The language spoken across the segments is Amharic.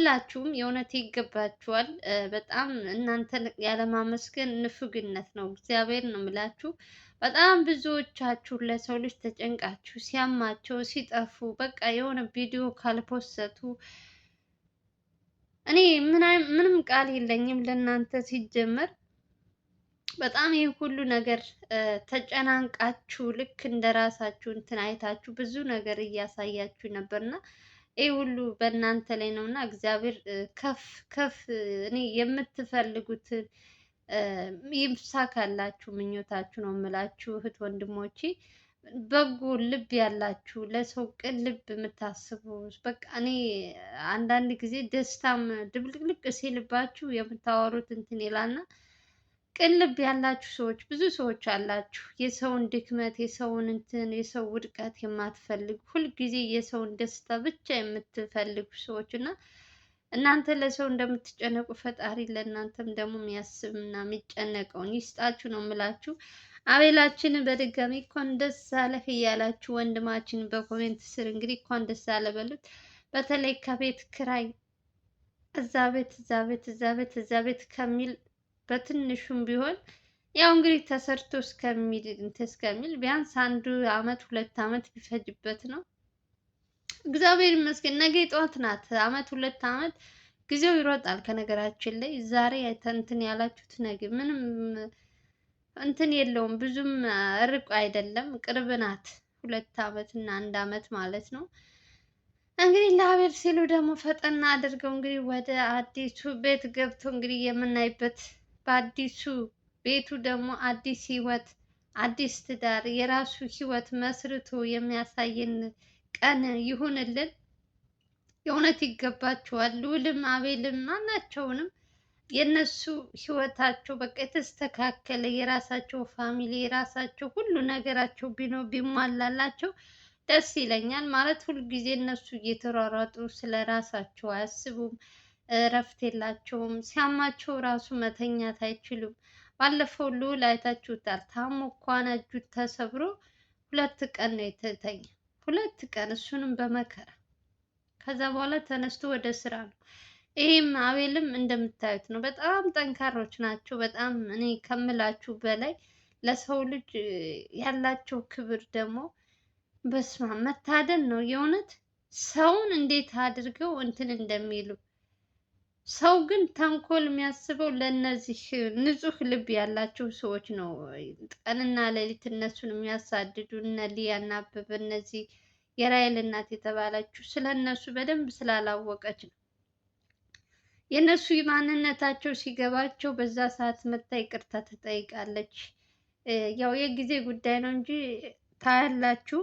ሁላችሁም የእውነት ይገባችኋል። በጣም እናንተ ያለማመስገን ንፉግነት ነው። እግዚአብሔር ነው የምላችሁ። በጣም ብዙዎቻችሁ ለሰው ልጅ ተጨንቃችሁ ሲያማቸው ሲጠፉ በቃ የሆነ ቪዲዮ ካልፖሰቱ እኔ ምንም ቃል የለኝም ለእናንተ ሲጀመር በጣም ይህ ሁሉ ነገር ተጨናንቃችሁ ልክ እንደ ራሳችሁ እንትን አይታችሁ ብዙ ነገር እያሳያችሁ ነበርና ይህ ሁሉ በእናንተ ላይ ነው እና እግዚአብሔር ከፍ ከፍ እኔ የምትፈልጉትን ካላችሁ ምኞታችሁ ነው የምላችሁ እህት ወንድሞቼ። በጎ ልብ ያላችሁ ለሰው ቅን ልብ የምታስቡ በቃ እኔ አንዳንድ ጊዜ ደስታም ድብልቅልቅ ሲልባችሁ የምታወሩት እንትን ይላልና ቅልብ ያላችሁ ሰዎች ብዙ ሰዎች አላችሁ። የሰውን ድክመት፣ የሰውን እንትን፣ የሰው ውድቀት የማትፈልጉ ሁልጊዜ የሰውን ደስታ ብቻ የምትፈልጉ ሰዎች እና እናንተ ለሰው እንደምትጨነቁ ፈጣሪ ለእናንተም ደግሞ የሚያስብና የሚጨነቀውን ይስጣችሁ ነው የምላችሁ። አቤላችንን በድጋሚ እንኳን ደስ አለህ እያላችሁ ወንድማችን በኮሜንት ስር እንግዲህ እንኳን ደስ አለ በሉት። በተለይ ከቤት ክራይ እዛ ቤት እዛ ቤት እዛ ቤት እዛ ቤት ከሚል በትንሹም ቢሆን ያው እንግዲህ ተሰርቶ እስከሚል እስከሚል ቢያንስ አንዱ አመት ሁለት አመት ቢፈጅበት ነው። እግዚአብሔር ይመስገን ነገ ጠዋት ናት። አመት ሁለት አመት ጊዜው ይሮጣል። ከነገራችን ላይ ዛሬ እንትን ያላችሁት ነገ ምንም እንትን የለውም። ብዙም ርቅ አይደለም፣ ቅርብ ናት። ሁለት አመት እና አንድ አመት ማለት ነው። እንግዲህ ለአቤል ሲሉ ደግሞ ፈጠና አድርገው እንግዲህ ወደ አዲሱ ቤት ገብቶ እንግዲህ የምናይበት በአዲሱ ቤቱ ደግሞ አዲስ ህይወት፣ አዲስ ትዳር፣ የራሱ ህይወት መስርቶ የሚያሳየን ቀን ይሁንልን። የእውነት ይገባቸዋል። ልዑልም አቤልም ማናቸውንም የእነሱ ህይወታቸው በቃ የተስተካከለ የራሳቸው ፋሚሊ የራሳቸው ሁሉ ነገራቸው ቢኖ ቢሟላላቸው ደስ ይለኛል። ማለት ሁልጊዜ እነሱ እየተሯሯጡ ስለ ራሳቸው አያስቡም። እረፍት የላቸውም። ሲያማቸው ራሱ መተኛት አይችሉም። ባለፈው ልዑል አይታችሁታል። ታሞ እንኳን እጁ ተሰብሮ ሁለት ቀን ነው የተተኛ፣ ሁለት ቀን እሱንም በመከራ ከዛ በኋላ ተነስቶ ወደ ስራ ነው። ይህም አቤልም እንደምታዩት ነው። በጣም ጠንካሮች ናቸው። በጣም እኔ ከምላችሁ በላይ ለሰው ልጅ ያላቸው ክብር ደግሞ በስማ መታደል ነው። የእውነት ሰውን እንዴት አድርገው እንትን እንደሚሉ ሰው ግን ተንኮል የሚያስበው ለእነዚህ ንጹህ ልብ ያላቸው ሰዎች ነው። ቀንና ሌሊት እነሱን የሚያሳድዱ እነ ሊያ እና አበበ እነዚህ የራይል እናት የተባለችው ስለ እነሱ በደንብ ስላላወቀች ነው። የእነሱ ማንነታቸው ሲገባቸው በዛ ሰዓት መታ ይቅርታ ትጠይቃለች። ያው የጊዜ ጉዳይ ነው እንጂ ታያላችሁ።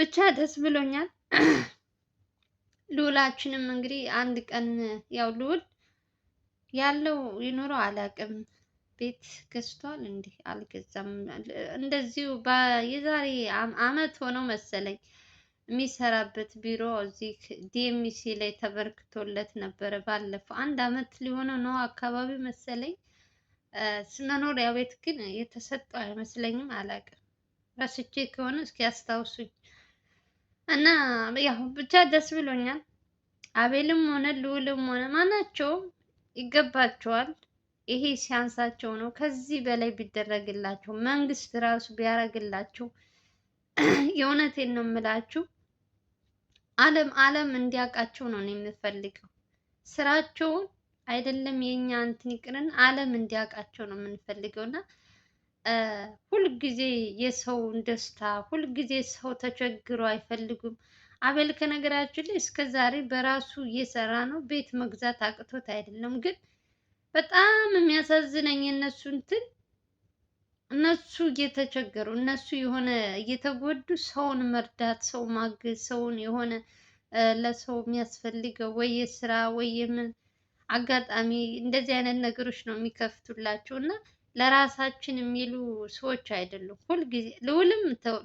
ብቻ ደስ ብሎኛል። ልዑላችንም እንግዲህ አንድ ቀን ያው ልዑል ያለው ይኑረው አላውቅም። ቤት ገዝቷል እንዲህ አልገዛም። እንደዚሁ የዛሬ አመት ሆነው መሰለኝ የሚሰራበት ቢሮ እዚህ ዲኤምሲ ላይ ተበርክቶለት ነበረ። ባለፈው አንድ አመት ሊሆነው ነው አካባቢ መሰለኝ። መኖሪያ ቤት ግን የተሰጠው አይመስለኝም፣ አላውቅም። ረስቼ ከሆነ እስኪ አስታውሱኝ። እና ያው ብቻ ደስ ብሎኛል። አቤልም ሆነ ልውልም ሆነ ማናቸውም ይገባቸዋል። ይሄ ሲያንሳቸው ነው። ከዚህ በላይ ቢደረግላቸው መንግስት ራሱ ቢያረግላቸው የእውነቴን ነው የምላችሁ። ዓለም ዓለም እንዲያውቃቸው ነው የምፈልገው። ስራቸውን አይደለም የእኛ እንትን ይቅርና ዓለም እንዲያውቃቸው ነው የምንፈልገው እና ሁልጊዜ የሰውን ደስታ ሁልጊዜ ሰው ተቸግሮ አይፈልጉም። አቤል ከነገራችን ላይ እስከ ዛሬ በራሱ እየሰራ ነው። ቤት መግዛት አቅቶት አይደለም። ግን በጣም የሚያሳዝነኝ እነሱ እንትን እነሱ እየተቸገሩ እነሱ የሆነ እየተጎዱ ሰውን መርዳት፣ ሰው ማገዝ፣ ሰውን የሆነ ለሰው የሚያስፈልገው ወይ የስራ ወይ የምን አጋጣሚ እንደዚህ አይነት ነገሮች ነው የሚከፍቱላቸው እና ለራሳችን የሚሉ ሰዎች አይደሉም። ሁልጊዜ ልዑልም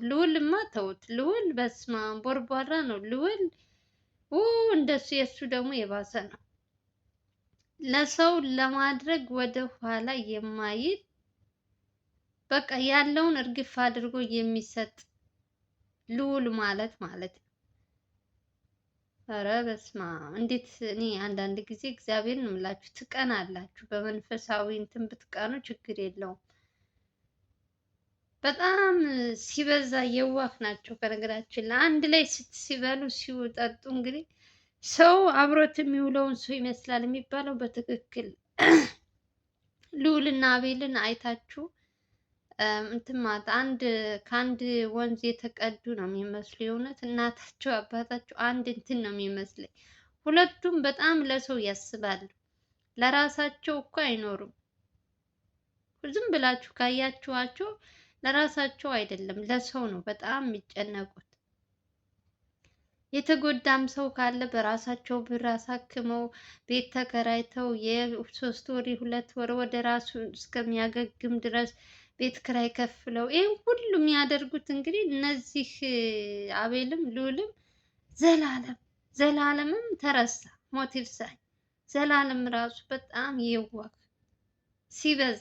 ልዑልማ ተውት፣ ልዑል በስመ አብ ቦርቧራ ነው ልዑል። እንደሱ የእሱ ደግሞ የባሰ ነው። ለሰው ለማድረግ ወደ ኋላ የማይል በቃ ያለውን እርግፍ አድርጎ የሚሰጥ ልዑል ማለት ማለት ነው። ኧረ በስመ አብ እንዴት! እኔ አንዳንድ ጊዜ እግዚአብሔርን እምላችሁ ትቀናላችሁ። በመንፈሳዊ እንትን ብትቀኑ ችግር የለውም። በጣም ሲበዛ የዋህ ናቸው። ከነገራችን ላይ አንድ ላይ ሲበሉ ሲጠጡ እንግዲህ ሰው አብሮት የሚውለውን ሰው ይመስላል የሚባለው በትክክል ልዑልና አቤልን አይታችሁ እንትማት አንድ ከአንድ ወንዝ የተቀዱ ነው የሚመስሉ የእውነት እናታቸው አባታቸው አንድ እንትን ነው የሚመስለኝ። ሁለቱም በጣም ለሰው ያስባሉ፣ ለራሳቸው እኮ አይኖሩም። ዝም ብላችሁ ካያችኋቸው ለራሳቸው አይደለም ለሰው ነው በጣም የሚጨነቁት። የተጎዳም ሰው ካለ በራሳቸው ብር አሳክመው ቤት ተከራይተው የሶስት ወር ሁለት ወር ወደ ራሱ እስከሚያገግም ድረስ ቤት ክራይ ከፍለው ይህን ሁሉ የሚያደርጉት እንግዲህ እነዚህ አቤልም ልዑልም ዘላለም ዘላለምም ተረሳ ሞቲቭ ሳይ ዘላለም ራሱ በጣም የዋህ ሲበዛ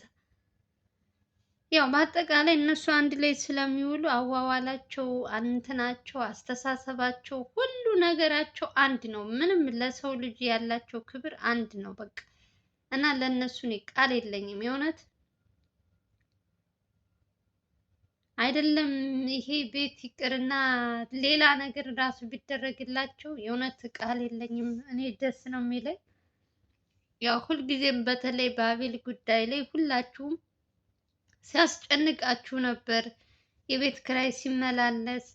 ያው በአጠቃላይ እነሱ አንድ ላይ ስለሚውሉ አዋዋላቸው፣ እንትናቸው፣ አስተሳሰባቸው፣ ሁሉ ነገራቸው አንድ ነው። ምንም ለሰው ልጅ ያላቸው ክብር አንድ ነው በቃ እና ለእነሱ እኔ ቃል የለኝም የእውነት አይደለም ይሄ ቤት ይቅርና ሌላ ነገር ራሱ ቢደረግላቸው የእውነት ቃል የለኝም። እኔ ደስ ነው የሚለኝ። ያው ሁልጊዜም በተለይ በአቤል ጉዳይ ላይ ሁላችሁም ሲያስጨንቃችሁ ነበር። የቤት ክራይ ሲመላለስ፣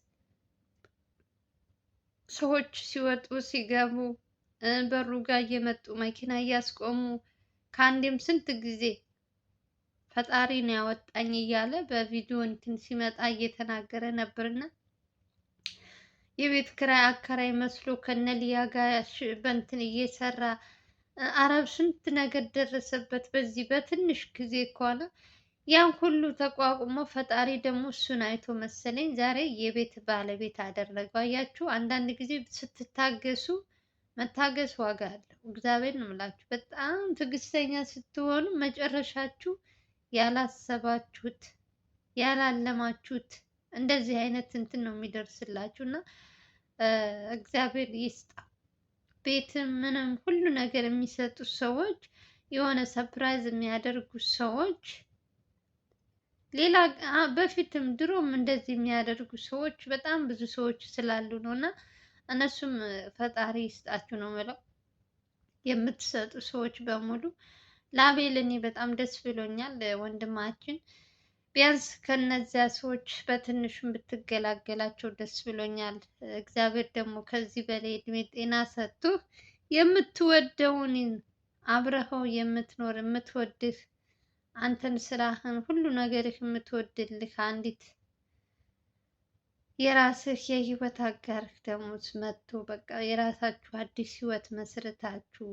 ሰዎች ሲወጡ ሲገቡ፣ በሩ ጋር እየመጡ መኪና እያስቆሙ ከአንዴም ስንት ጊዜ ፈጣሪ ነው ያወጣኝ እያለ በቪዲዮ እንትን ሲመጣ እየተናገረ ነበርና የቤት ክራይ አከራይ መስሎ ከነ ሊያ ጋር በእንትን እየሰራ አረብ ስንት ነገር ደረሰበት። በዚህ በትንሽ ጊዜ ከሆነ ያን ሁሉ ተቋቁሞ ፈጣሪ ደግሞ እሱን አይቶ መሰለኝ ዛሬ የቤት ባለቤት አደረገው። አያችሁ፣ አንዳንድ ጊዜ ስትታገሱ መታገስ ዋጋ አለው። እግዚአብሔር ነው የምላችሁ። በጣም ትዕግስተኛ ስትሆኑ መጨረሻችሁ ያላሰባችሁት ያላለማችሁት እንደዚህ አይነት እንትን ነው የሚደርስላችሁ እና እግዚአብሔር ይስጣ። ቤትም ምንም ሁሉ ነገር የሚሰጡ ሰዎች የሆነ ሰፕራይዝ የሚያደርጉ ሰዎች ሌላ በፊትም ድሮም እንደዚህ የሚያደርጉ ሰዎች በጣም ብዙ ሰዎች ስላሉ ነው እና እነሱም ፈጣሪ ይስጣችሁ ነው የምለው የምትሰጡ ሰዎች በሙሉ ላቤል እኔ በጣም ደስ ብሎኛል ወንድማችን ቢያንስ ከነዚያ ሰዎች በትንሹም ብትገላገላቸው ደስ ብሎኛል። እግዚአብሔር ደግሞ ከዚህ በላይ እድሜ ጤና ሰጥቶ የምትወደውን አብረኸው የምትኖር የምትወድህ አንተን ስራህን ሁሉ ነገርህ የምትወድልህ አንዲት የራስህ የህይወት አጋርህ ደግሞ መጥቶ በቃ የራሳችሁ አዲስ ህይወት መስርታችሁ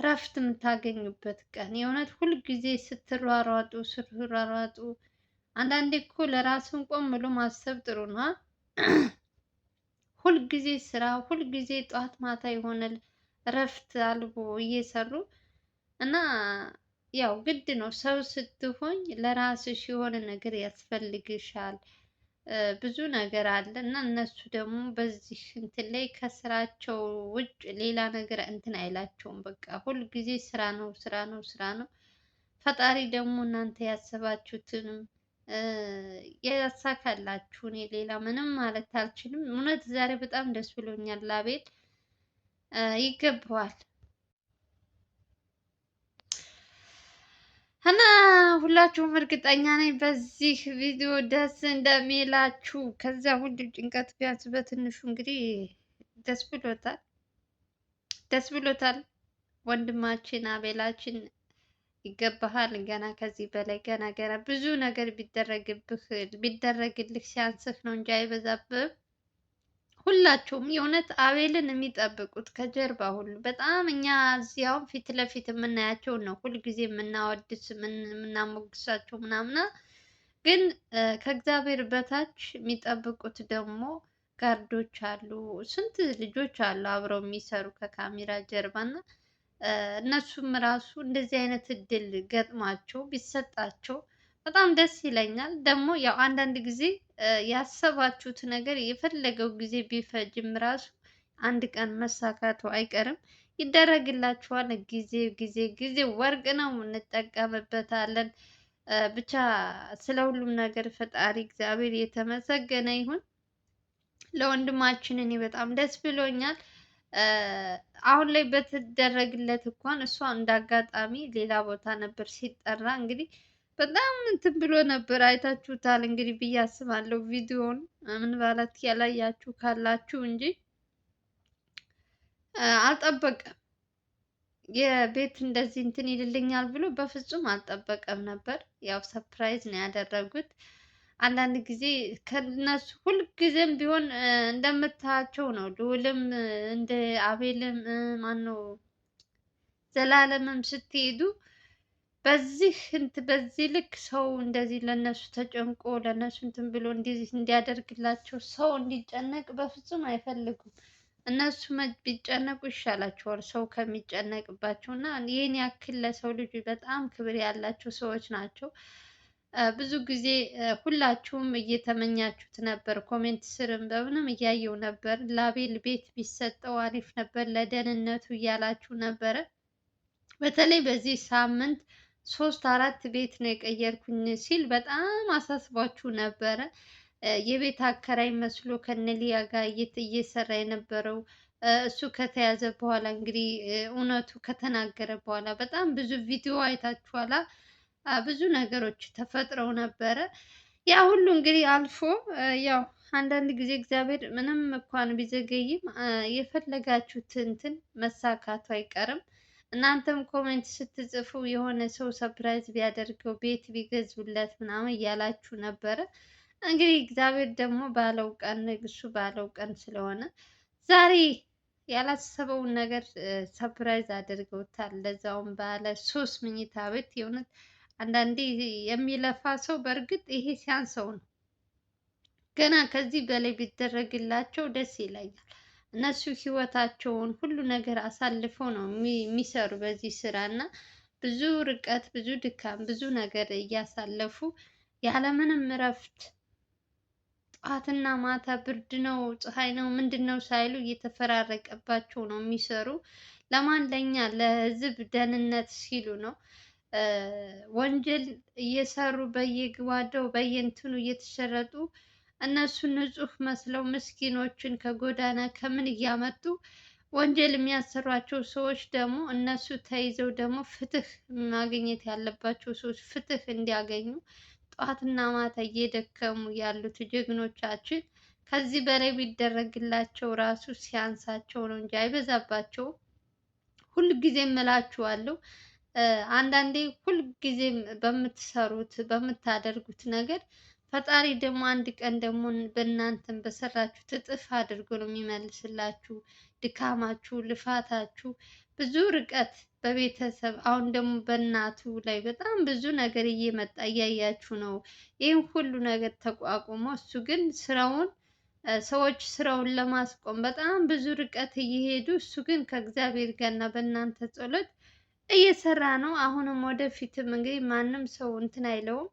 እረፍት የምታገኙበት ቀን። የእውነት ሁልጊዜ ስትሯሯጡ ስትሯሯጡ፣ አንዳንዴ እኮ ለራስን ቆም ብሎ ማሰብ ጥሩ ነው። ሁልጊዜ ስራ፣ ሁልጊዜ ጠዋት ማታ የሆነ እረፍት አልቦ እየሰሩ እና ያው ግድ ነው ሰው ስትሆኝ ለራስሽ የሆነ ነገር ያስፈልግሻል። ብዙ ነገር አለ እና እነሱ ደግሞ በዚህ እንትን ላይ ከስራቸው ውጭ ሌላ ነገር እንትን አይላቸውም። በቃ ሁል ጊዜ ስራ ነው ስራ ነው ስራ ነው። ፈጣሪ ደግሞ እናንተ ያሰባችሁትንም ያሳካላችሁ። እኔ ሌላ ምንም ማለት አልችልም። እውነት ዛሬ በጣም ደስ ብሎኛል። ላቤል ይገባዋል። እና ሁላችሁም እርግጠኛ ነኝ በዚህ ቪዲዮ ደስ እንደሚላችሁ። ከዚያ ሁሉ ጭንቀት ቢያንስ በትንሹ እንግዲህ ደስ ብሎታል፣ ደስ ብሎታል። ወንድማችን አቤላችን ይገባሃል። ገና ከዚህ በላይ ገና ገና ብዙ ነገር ቢደረግብህ ቢደረግልህ ሲያንስህ ነው እንጂ አይበዛብህም። ሁላቸውም የእውነት አቤልን የሚጠብቁት ከጀርባ ሁሉ በጣም እኛ እዚህ ፊት ለፊት የምናያቸው ነው ሁልጊዜ የምናወድስ የምናሞግሳቸው ምናምና፣ ግን ከእግዚአብሔር በታች የሚጠብቁት ደግሞ ጋርዶች አሉ። ስንት ልጆች አሉ አብረው የሚሰሩ ከካሜራ ጀርባ እና እነሱም ራሱ እንደዚህ አይነት እድል ገጥሟቸው ቢሰጣቸው በጣም ደስ ይለኛል። ደግሞ ያው አንዳንድ ጊዜ ያሰባችሁት ነገር የፈለገው ጊዜ ቢፈጅም ራሱ አንድ ቀን መሳካቱ አይቀርም። ይደረግላችኋል። ጊዜ ጊዜ ጊዜ ወርቅ ነው፣ እንጠቀምበታለን። ብቻ ስለ ሁሉም ነገር ፈጣሪ እግዚአብሔር የተመሰገነ ይሁን። ለወንድማችን እኔ በጣም ደስ ብሎኛል። አሁን ላይ በተደረግለት እንኳን እሷ እንዳጋጣሚ ሌላ ቦታ ነበር ሲጠራ እንግዲህ በጣም እንትን ብሎ ነበር። አይታችሁታል እንግዲህ ብዬ አስባለሁ ቪዲዮውን። ምን ባላት ያላያችሁ ካላችሁ እንጂ አልጠበቀም። የቤት እንደዚህ እንትን ይልልኛል ብሎ በፍጹም አልጠበቀም ነበር። ያው ሰርፕራይዝ ነው ያደረጉት። አንዳንድ ጊዜ ከነሱ ሁልጊዜም ቢሆን እንደምታያቸው ነው። ልዑልም እንደ አቤልም ማነው ዘላለምም ስትሄዱ በዚህ እንትን በዚህ ልክ ሰው እንደዚህ ለነሱ ተጨንቆ ለነሱ እንትን ብሎ እንደዚህ እንዲያደርግላቸው ሰው እንዲጨነቅ በፍጹም አይፈልጉም። እነሱ ቢጨነቁ ይሻላቸዋል ሰው ከሚጨነቅባቸው እና ይህን ያክል ለሰው ልጅ በጣም ክብር ያላቸው ሰዎች ናቸው። ብዙ ጊዜ ሁላችሁም እየተመኛችሁት ነበር። ኮሜንት ስርም በምንም እያየው ነበር። ላቤል ቤት ቢሰጠው አሪፍ ነበር ለደህንነቱ እያላችሁ ነበረ። በተለይ በዚህ ሳምንት ሶስት አራት ቤት ነው የቀየርኩኝ ሲል በጣም አሳስቧችሁ ነበረ። የቤት አከራይ መስሎ ከነሊያ ጋር እየሰራ የነበረው እሱ ከተያዘ በኋላ እንግዲህ እውነቱ ከተናገረ በኋላ በጣም ብዙ ቪዲዮ አይታችኋላ። ብዙ ነገሮች ተፈጥረው ነበረ። ያ ሁሉ እንግዲህ አልፎ ያው አንዳንድ ጊዜ እግዚአብሔር ምንም እንኳን ቢዘገይም የፈለጋችሁት እንትን መሳካቱ አይቀርም። እናንተም ኮሜንት ስትጽፉ የሆነ ሰው ሰፕራይዝ ቢያደርገው ቤት ቢገዙለት ምናምን እያላችሁ ነበረ። እንግዲህ እግዚአብሔር ደግሞ ባለው ቀን ንግሱ ባለው ቀን ስለሆነ ዛሬ ያላሰበውን ነገር ሰፕራይዝ አድርገውታል። ለዛውም ባለ ሶስት መኝታ ቤት የእውነት አንዳንዴ የሚለፋ ሰው በእርግጥ ይሄ ሲያንሰው ነው። ገና ከዚህ በላይ ቢደረግላቸው ደስ ይለኛል። እነሱ ህይወታቸውን ሁሉ ነገር አሳልፈው ነው የሚሰሩ በዚህ ስራ እና ብዙ ርቀት፣ ብዙ ድካም፣ ብዙ ነገር እያሳለፉ ያለምንም እረፍት ጠዋትና ማታ ብርድ ነው ፀሐይ ነው ምንድን ነው ሳይሉ እየተፈራረቀባቸው ነው የሚሰሩ። ለማን ለኛ ለህዝብ ደህንነት ሲሉ ነው ወንጀል እየሰሩ በየግባደው በየእንትኑ እየተሸረጡ እነሱ ንጹህ መስለው ምስኪኖችን ከጎዳና ከምን እያመጡ ወንጀል የሚያሰሯቸው ሰዎች ደግሞ እነሱ ተይዘው ደግሞ ፍትህ ማግኘት ያለባቸው ሰዎች ፍትህ እንዲያገኙ ጠዋትና ማታ እየደከሙ ያሉት ጀግኖቻችን ከዚህ በላይ ቢደረግላቸው ራሱ ሲያንሳቸው ነው እንጂ አይበዛባቸውም። ሁልጊዜም እላችኋለሁ። አንዳንዴ ጊዜ በምትሰሩት በምታደርጉት ነገር ፈጣሪ ደግሞ አንድ ቀን ደግሞ በእናንተን በሰራችሁ እጥፍ አድርጎ ነው የሚመልስላችሁ። ድካማችሁ፣ ልፋታችሁ ብዙ ርቀት በቤተሰብ አሁን ደግሞ በእናቱ ላይ በጣም ብዙ ነገር እየመጣ እያያችሁ ነው። ይህን ሁሉ ነገር ተቋቁሞ እሱ ግን ስራውን ሰዎች ስራውን ለማስቆም በጣም ብዙ ርቀት እየሄዱ እሱ ግን ከእግዚአብሔር ጋርና በእናንተ ጸሎት እየሰራ ነው። አሁንም ወደፊትም እንግዲህ ማንም ሰው እንትን አይለውም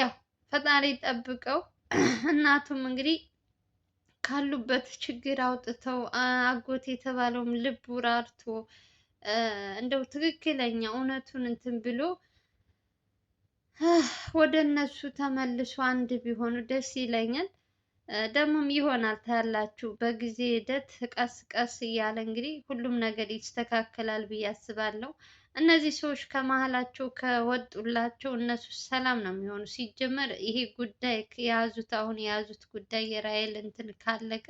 ያው ፈጣሪ ጠብቀው። እናቱም እንግዲህ ካሉበት ችግር አውጥተው አጎት የተባለውም ልቡ ራርቶ እንደው ትክክለኛ እውነቱን እንትን ብሎ ወደ እነሱ ተመልሶ አንድ ቢሆኑ ደስ ይለኛል። ደግሞም ይሆናል ታያላችሁ። በጊዜ ሂደት ቀስ ቀስ እያለ እንግዲህ ሁሉም ነገር ይስተካከላል ብዬ አስባለሁ። እነዚህ ሰዎች ከመሀላቸው ከወጡላቸው እነሱ ሰላም ነው የሚሆኑ። ሲጀመር ይሄ ጉዳይ የያዙት አሁን የያዙት ጉዳይ የራይል እንትን ካለቀ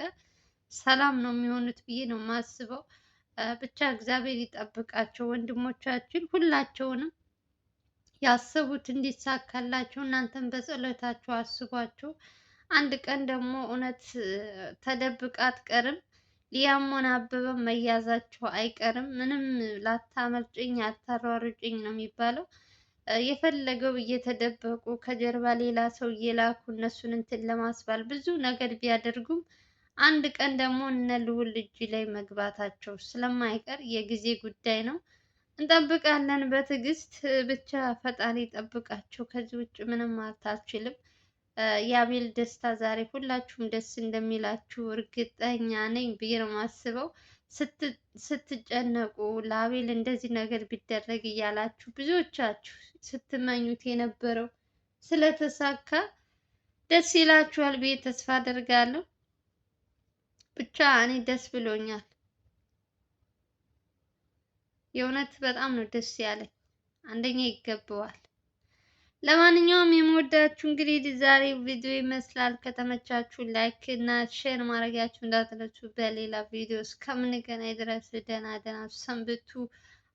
ሰላም ነው የሚሆኑት ብዬ ነው ማስበው ብቻ እግዚአብሔር ይጠብቃቸው ወንድሞቻችን ሁላቸውንም ያሰቡት እንዲሳካላቸው እናንተን በጸሎታችሁ አስቧቸው። አንድ ቀን ደግሞ እውነት ተደብቃ አትቀርም። ሊያሞን አበበ መያዛችሁ መያዛቸው አይቀርም። ምንም ላታመልጭኝ አታሯሩጭኝ ነው የሚባለው። የፈለገው እየተደበቁ ከጀርባ ሌላ ሰው እየላኩ እነሱን እንትን ለማስባል ብዙ ነገር ቢያደርጉም አንድ ቀን ደግሞ እነ ልውል እጅ ላይ መግባታቸው ስለማይቀር የጊዜ ጉዳይ ነው። እንጠብቃለን በትዕግስት ብቻ። ፈጣሪ ጠብቃቸው። ከዚህ ውጭ ምንም አታችልም። የአቤል ደስታ ዛሬ ሁላችሁም ደስ እንደሚላችሁ እርግጠኛ ነኝ ብዬ ነው የማስበው። ስትጨነቁ ለአቤል እንደዚህ ነገር ቢደረግ እያላችሁ ብዙዎቻችሁ ስትመኙት የነበረው ስለተሳካ ደስ ይላችኋል ብዬ ተስፋ አደርጋለሁ። ብቻ እኔ ደስ ብሎኛል። የእውነት በጣም ነው ደስ ያለኝ። አንደኛ ይገባዋል። ለማንኛውም የምወዳችሁ እንግዲህ ዛሬ ቪዲዮ ይመስላል። ከተመቻችሁ ላይክ እና ሼር ማድረጋችሁ እንዳትረሱ። በሌላ ቪዲዮ እስከምንገናኝ ድረስ ደህና ደህና ሰንብቱ።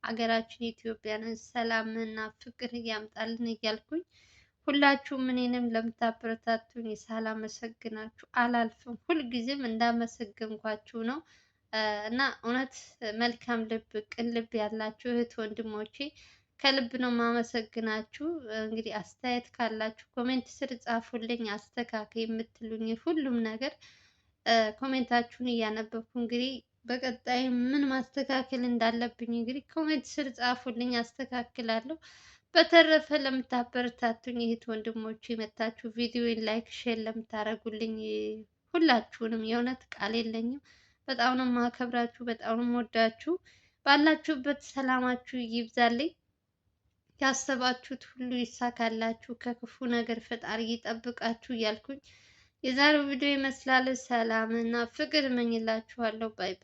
አገራችን ኢትዮጵያንን ሰላም እና ፍቅር እያምጣልን እያልኩኝ ሁላችሁም እኔንም ለምታበረታቱኝ ሳላመሰግናችሁ አላልፍም። ሁልጊዜም እንዳመሰግንኳችሁ ነው እና እውነት መልካም ልብ፣ ቅን ልብ ያላችሁ እህት ወንድሞቼ ከልብ ነው የማመሰግናችሁ። እንግዲህ አስተያየት ካላችሁ ኮሜንት ስር ጻፉልኝ፣ አስተካከይ የምትሉኝ ሁሉም ነገር ኮሜንታችሁን እያነበብኩ እንግዲህ በቀጣይ ምን ማስተካከል እንዳለብኝ እንግዲህ ኮሜንት ስር ጻፉልኝ፣ አስተካክላለሁ። በተረፈ ለምታበረታቱኝ እህት ወንድሞች የመታችሁ ቪዲዮን ላይክ፣ ሼር ለምታደርጉልኝ ሁላችሁንም የእውነት ቃል የለኝም። በጣም ነው የማከብራችሁ፣ በጣም ነው የምወዳችሁ። ባላችሁበት ሰላማችሁ ይብዛልኝ። ያሰባችሁት ሁሉ ይሳካላችሁ፣ ከክፉ ነገር ፈጣሪ ይጠብቃችሁ እያልኩኝ የዛሬው ቪዲዮ ይመስላል። ሰላም እና ፍቅር እመኝላችኋለሁ። ባይ ባይ።